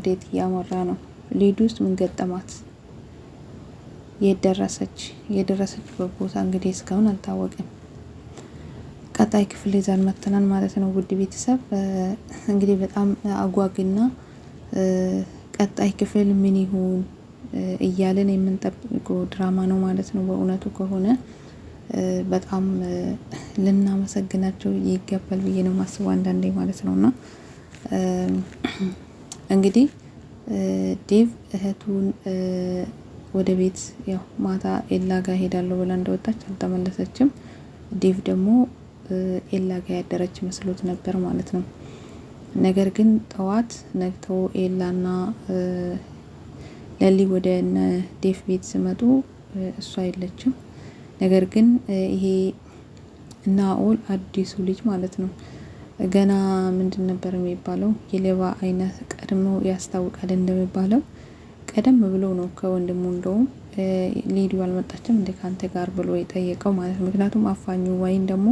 እንዴት እያመራ ነው? ውስጥ ምን ገጠማት? የደረሰች የደረሰችበት ቦታ እንግዲህ እስካሁን አልታወቅም። ቀጣይ ክፍል ይዘን መተናል ማለት ነው። ውድ ቤተሰብ እንግዲህ በጣም አጓግና ቀጣይ ክፍል ምን ይሁን እያለን የምንጠብቀው ድራማ ነው ማለት ነው። በእውነቱ ከሆነ በጣም ልናመሰግናቸው ይገባል ብዬ ነው ማስበው አንዳንዴ ማለት ነው እና እንግዲህ ዴቭ እህቱን ወደ ቤት ያው ማታ ኤላ ጋ ሄዳለሁ ብላ እንደወጣች አልተመለሰችም። ዴቭ ደግሞ ኤላ ጋ ያደረች መስሎት ነበር ማለት ነው። ነገር ግን ጠዋት ነግተው ኤላና ለሊ ወደ እነ ዴቭ ቤት ሲመጡ እሷ የለችም። ነገር ግን ይሄ ናኦል አዲሱ ልጅ ማለት ነው ገና ምንድን ነበር የሚባለው የሌባ አይነት ቀድሞ ያስታውቃል እንደሚባለው ቀደም ብሎ ነው ከወንድሙ እንደውም ሌዲው አልመጣችም እንደ ካንተ ጋር ብሎ የጠየቀው ማለት ነው። ምክንያቱም አፋኙ ወይም ደግሞ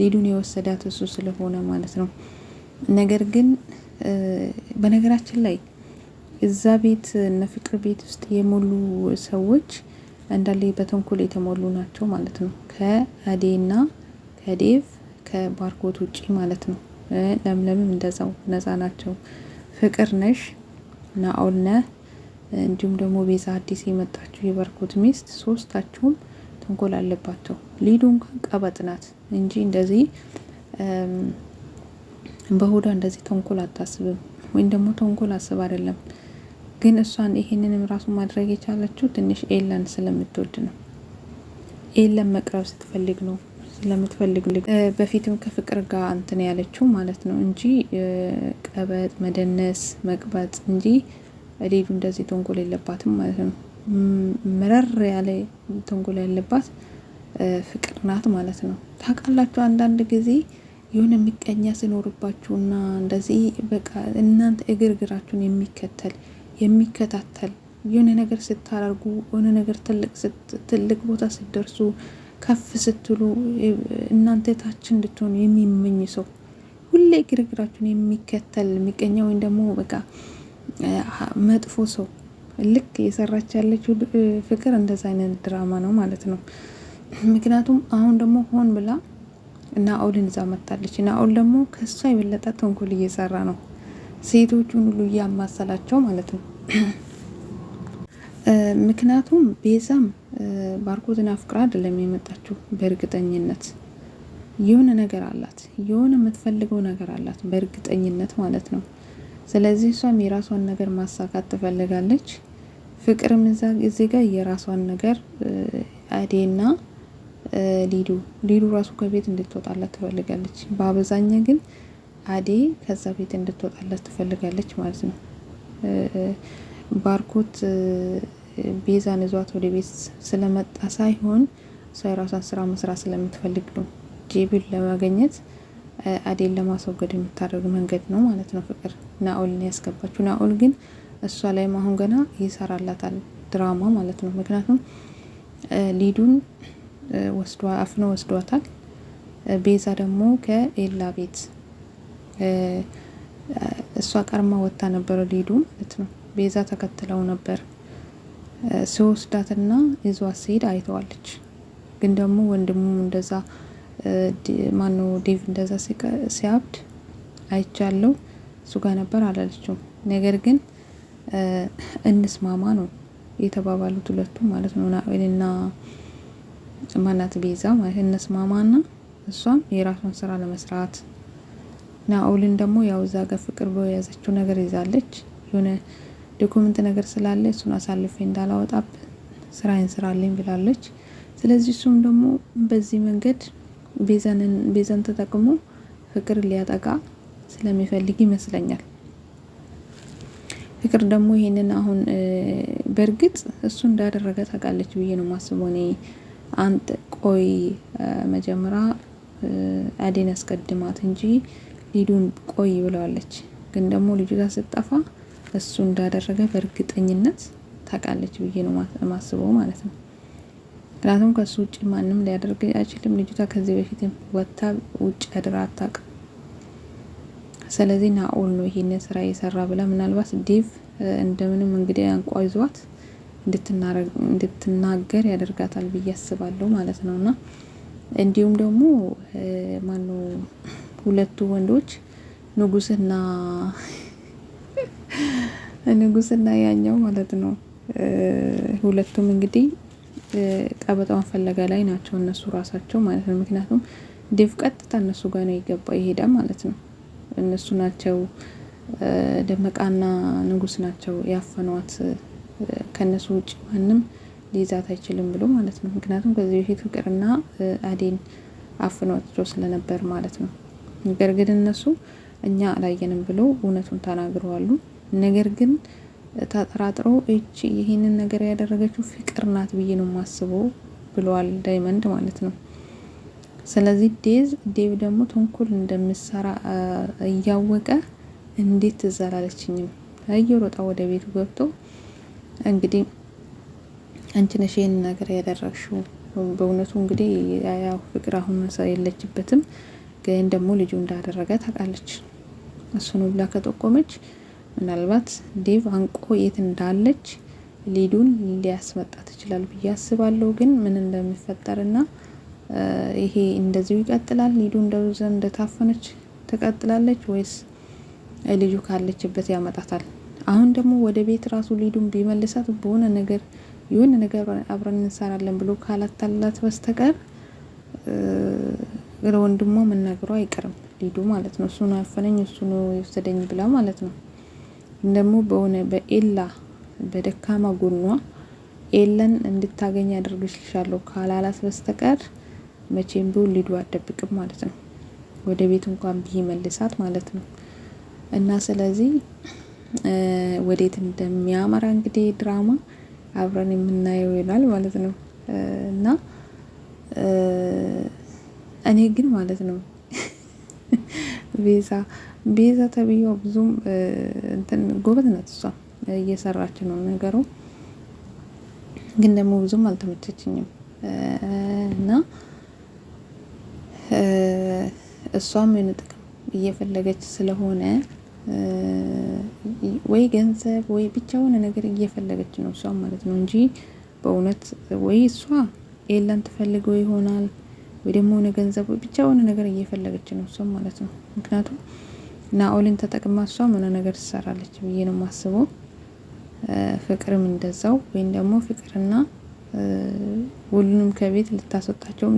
ሌዱን የወሰዳት እሱ ስለሆነ ማለት ነው። ነገር ግን በነገራችን ላይ እዛ ቤት እነ ፍቅር ቤት ውስጥ የሞሉ ሰዎች እንዳለ በተንኮል የተሞሉ ናቸው ማለት ነው። ከአዴና ከዴቭ ከባርኮት ውጪ ማለት ነው። ለምለምም እንደዛው ነፃ ናቸው። ፍቅር ነሽ ናኦል ነህ እንዲሁም ደግሞ ቤዛ አዲስ የመጣችሁ የባርኮት ሚስት ሶስታችሁም ተንኮል አለባቸው። ሊዱ እንኳን ቀበጥ ናት እንጂ እንደዚህ በሆዷ እንደዚህ ተንኮል አታስብም፣ ወይም ደግሞ ተንኮል አስብ አይደለም። ግን እሷን ይሄንንም ራሱ ማድረግ የቻለችው ትንሽ ኤላን ስለምትወድ ነው። ኤላን መቅረብ ስትፈልግ ነው ስለምትፈልግ በፊትም ከፍቅር ጋር እንትን ያለችው ማለት ነው እንጂ ቀበጥ መደነስ መቅበጥ እንጂ ሊዱ እንደዚህ ተንኮል የለባትም ማለት ነው። መረር ያለ ተንኮል ያለባት ፍቅር ናት ማለት ነው። ታውቃላችሁ አንዳንድ ጊዜ የሆነ የሚቀኛ ሲኖርባችሁና እንደዚህ በቃ እናንተ እግር እግራችሁን የሚከተል የሚከታተል የሆነ ነገር ስታደርጉ የሆነ ነገር ትልቅ ቦታ ስትደርሱ ከፍ ስትሉ እናንተ ታች እንድትሆኑ የሚመኝ ሰው ሁሌ ግርግራችሁን የሚከተል የሚቀኛ ወይም ደግሞ በቃ መጥፎ ሰው ልክ የሰራች ያለችው ፍቅር እንደዛ አይነት ድራማ ነው ማለት ነው። ምክንያቱም አሁን ደግሞ ሆን ብላ ናኦልን እዛ መታለች። ናኦል ደግሞ ከሷ የበለጠ ተንኮል እየሰራ ነው። ሴቶቹን ሁሉ እያማሰላቸው ማለት ነው። ምክንያቱም ቤዛም ባርኮትን አፍቅራ አይደለም የመጣችው። በእርግጠኝነት የሆነ ነገር አላት፣ የሆነ የምትፈልገው ነገር አላት፣ በእርግጠኝነት ማለት ነው። ስለዚህ እሷም የራሷን ነገር ማሳካት ትፈልጋለች። ፍቅርም እዚህ ጋር የራሷን ነገር አዴና ሊዱ ሊዱ ራሱ ከቤት እንድትወጣላት ትፈልጋለች። በአብዛኛው ግን አዴ ከዛ ቤት እንድትወጣላት ትፈልጋለች ማለት ነው ባርኮት ቤዛን እዟት ወደ ቤት ስለመጣ ሳይሆን እሷ የራሷን ስራ መስራት ስለምትፈልግ ነው። ጄቢል ለማገኘት አዴን ለማስወገድ የምታደርግ መንገድ ነው ማለት ነው። ፍቅር ናኦልን ያስገባችው። ናኦል ግን እሷ ላይም አሁን ገና ይሰራላታል ድራማ ማለት ነው። ምክንያቱም ሊዱን አፍኖ ወስዷታል። ቤዛ ደግሞ ከኤላ ቤት እሷ ቀርማ ወጥታ ነበረ ሊዱ ማለት ነው። ቤዛ ተከትለው ነበር ሲወስዳትና ይዟት ሲሄድ አይተዋለች። ግን ደግሞ ወንድሙ እንደዛ ማነው ዴቭ እንደዛ ሲያብድ አይቻለው እሱ ጋር ነበር አላለችውም። ነገር ግን እንስማማ ነው የተባባሉት ሁለቱ ማለት ነው ናኦልና ማናት ቤዛ ማለት ና እሷም የራሷን ስራ ለመስራት ናኦልን ደግሞ ያው እዛ ጋር ፍቅር በያዘችው ነገር ይዛለች የሆነ ዶኩመንት ነገር ስላለ እሱን አሳልፌ እንዳላወጣብ ስራዬን ስራልኝ ብላለች። ስለዚህ እሱም ደግሞ በዚህ መንገድ ቤዛን ተጠቅሞ ፍቅር ሊያጠቃ ስለሚፈልግ ይመስለኛል። ፍቅር ደግሞ ይሄንን አሁን በእርግጥ እሱ እንዳደረገ ታውቃለች ብዬ ነው ማስበው። እኔ ቆይ መጀመሪያ አዴን ያስቀድማት እንጂ ሊዱን ቆይ ብለዋለች። ግን ደግሞ ልጅቷ ስትጠፋ እሱ እንዳደረገ በእርግጠኝነት ታውቃለች ብዬ ነው የማስበው ማለት ነው። ምክንያቱም ከእሱ ውጭ ማንም ሊያደርግ አይችልም። ልጅቷ ከዚህ በፊት ወጥታ ውጭ አድራ አታውቅም። ስለዚህ ናኦል ነው ይሄን ስራ እየሰራ ብላ ምናልባት ዴቭ እንደምንም እንግዲህ ይዟት እንድትናገር ያደርጋታል ብዬ አስባለሁ ማለት ነው። እና እንዲሁም ደግሞ ማነው ሁለቱ ወንዶች ንጉስና ንጉስና ያኛው ማለት ነው። ሁለቱም እንግዲህ ቀበጣውን ፈለጋ ላይ ናቸው እነሱ ራሳቸው ማለት ነው። ምክንያቱም ዴቭ ቀጥታ እነሱ ጋር ነው የገባ ይሄዳ ማለት ነው። እነሱ ናቸው ደመቃና ንጉስ ናቸው ያፈኗት። ከእነሱ ውጭ ማንም ሊይዛት አይችልም ብሎ ማለት ነው። ምክንያቱም ከዚህ በፊት ፍቅርና አዴን አፍኗቸው ስለነበር ማለት ነው። ነገር ግን እነሱ እኛ አላየንም ብሎ እውነቱን ተናግረዋሉ። ነገር ግን ተጠራጥሮ እቺ ይህንን ነገር ያደረገችው ፍቅር ናት ብዬ ነው የማስበው ብለዋል ዳይመንድ ማለት ነው። ስለዚህ ዴዝ ዴቭ ደግሞ ተንኮል እንደምሰራ እያወቀ እንዴት ትዘላለችኝም እየሮጣ ወደ ቤቱ ገብቶ እንግዲህ አንቺ ነሽ ይህን ነገር ያደረግሽው። በእውነቱ እንግዲህ ያው ፍቅር አሁን የለችበትም፣ ግን ደግሞ ልጁ እንዳደረገ ታውቃለች። እሱን ብላ ከጠቆመች ምናልባት ዴቭ አንቆ የት እንዳለች ሊዱን ሊያስመጣት ይችላል ብዬ አስባለሁ። ግን ምን እንደሚፈጠርና ይሄ እንደዚሁ ይቀጥላል፣ ሊዱ እንደዘ እንደታፈነች ትቀጥላለች ወይስ ልጁ ካለችበት ያመጣታል? አሁን ደግሞ ወደ ቤት ራሱ ሊዱን ቢመልሳት በሆነ ነገር የሆነ ነገር አብረን እንሰራለን ብሎ ካላታላት በስተቀር ለወንድሟ መናገሯ አይቀርም ሊዱ ማለት ነው። እሱ ነው ያፈነኝ፣ እሱ ነው የወሰደኝ ብላ ማለት ነው። ደግሞ በሆነ በኤላ በደካማ ጎኗ ኤላን እንድታገኝ አደርግልሻለሁ ካላላት በስተቀር መቼም ቢሆን ሊዱ አደብቅም ማለት ነው። ወደ ቤት እንኳን መልሳት ማለት ነው። እና ስለዚህ ወዴት እንደሚያመራ እንግዲህ ድራማ አብረን የምናየው ይላል ማለት ነው። እና እኔ ግን ማለት ነው ቤዛ ቤዛ ተብዬው ብዙም እንትን ጎበዝ ናት እሷ እየሰራች ነው ነገሩ፣ ግን ደግሞ ብዙም አልተመቸችኝም እና እሷም የሆነ ጥቅም እየፈለገች ስለሆነ ወይ ገንዘብ ወይ ብቻ የሆነ ነገር እየፈለገች ነው እሷ ማለት ነው እንጂ በእውነት ወይ እሷ ኤላን ትፈልገው ይሆናል ወይ ደግሞ የሆነ ገንዘብ ወይ ብቻ የሆነ ነገር እየፈለገች ነው እሷ ማለት ነው ምክንያቱም ናኦልን ተጠቅማ እሷ ምን ነገር ትሰራለች ብዬ ነው የማስበው። ፍቅርም እንደዛው ወይም ደግሞ ፍቅርና ሁሉንም ከቤት ልታስወጣቸውም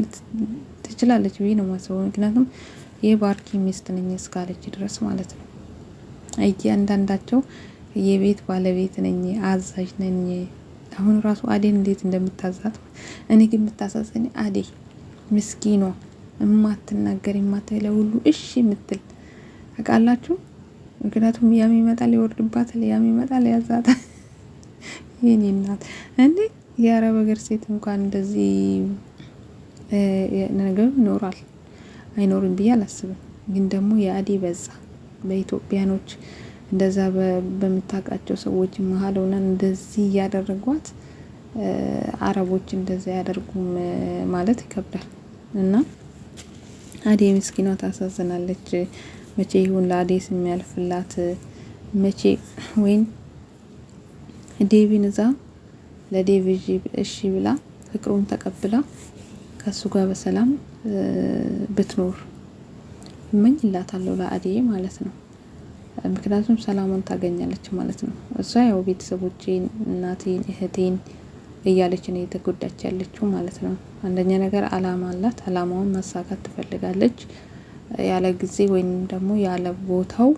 ትችላለች ብዬ ነው የማስበው። ምክንያቱም የባርኪ ሚስት ነኝ እስካለች ድረስ ማለት ነው። እያንዳንዳቸው የቤት ባለቤት ነኝ፣ አዛዥ ነኝ። አሁን ራሱ አዴን እንዴት እንደምታዛት እኔ ግን የምታሳዘኝ አዴ ምስኪኗ፣ የማትናገር የማትለ ሁሉ እሺ የምትል ታውቃላችሁ። ምክንያቱም ያም ይመጣል ይወርድባታል፣ ያም ይመጣል ያዛታል። የኔ ይናት እንዴ የአረብ ሀገር ሴት እንኳን እንደዚህ ነገር ይኖራል አይኖርም ብዬ አላስብም። ግን ደግሞ የአዴ በዛ በኢትዮጵያኖች እንደዛ በምታውቃቸው ሰዎች መሀል ሆነን እንደዚህ እያደረጓት አረቦች እንደዚህ ያደርጉም ማለት ይከብዳል እና አዴ ምስኪኗ ታሳዝናለች። መቼ ይሁን ለአዴስ የሚያልፍላት መቼ ወይን ዴቪን እዛ ለዴቪ እሺ ብላ ፍቅሩን ተቀብላ ከሱ ጋር በሰላም ብትኖር እመኝላታለሁ ለአዴ ማለት ነው። ምክንያቱም ሰላሟን ታገኛለች ማለት ነው። እሷ ያው ቤተሰቦቼን፣ እናቴን፣ እህቴን እያለች ነው የተጎዳች ያለችው ማለት ነው። አንደኛ ነገር አላማ አላት። አላማውን ማሳካት ትፈልጋለች። ያለ ጊዜ ወይም ደግሞ ያለ ቦታው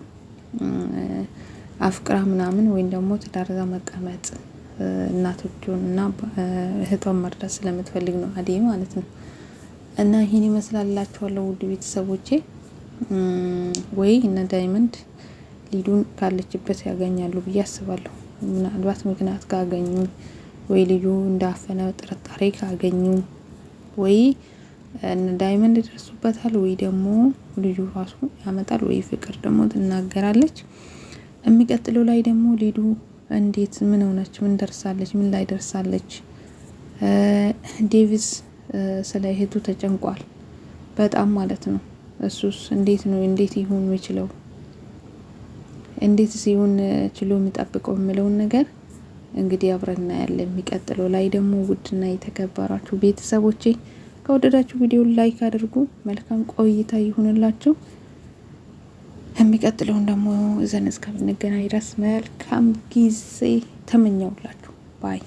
አፍቅራ ምናምን ወይም ደግሞ ትዳር መቀመጥ እናቶቹን እና እህቷን መርዳት ስለምትፈልግ ነው አደይ ማለት ነው። እና ይህን ይመስላላችኋለሁ ውድ ቤተሰቦቼ። ወይ እነ ዳይመንድ ሊዱን ካለችበት ያገኛሉ ብዬ አስባለሁ። ምናልባት ምክንያት ካገኙ ወይ ልዩ እንዳፈነ ጥርጣሬ ካገኙ ወይ እነ ዳይመንድ ይደርሱበታል ወይ ደግሞ ልጁ ራሱ ያመጣል ወይ ፍቅር ደግሞ ትናገራለች። የሚቀጥለው ላይ ደግሞ ሊዱ እንዴት ምን ሆነች? ምን ደርሳለች? ምን ላይ ደርሳለች? ዴቪስ ስለ እህቱ ተጨንቋል በጣም ማለት ነው። እሱስ እንዴት ነው እንዴት ይሆን የሚችለው እንዴት ሲሆን ችሎ የሚጠብቀው የምለውን ነገር እንግዲህ አብረና ያለ የሚቀጥለው ላይ ደግሞ ውድና የተከበራችሁ ቤተሰቦቼ ከወደዳችሁ ቪዲዮ ላይክ አድርጉ። መልካም ቆይታ ይሁንላችሁ። የሚቀጥለውን ደግሞ እዘን እስከምንገናኝ ድረስ መልካም ጊዜ ተመኘውላችሁ ባይ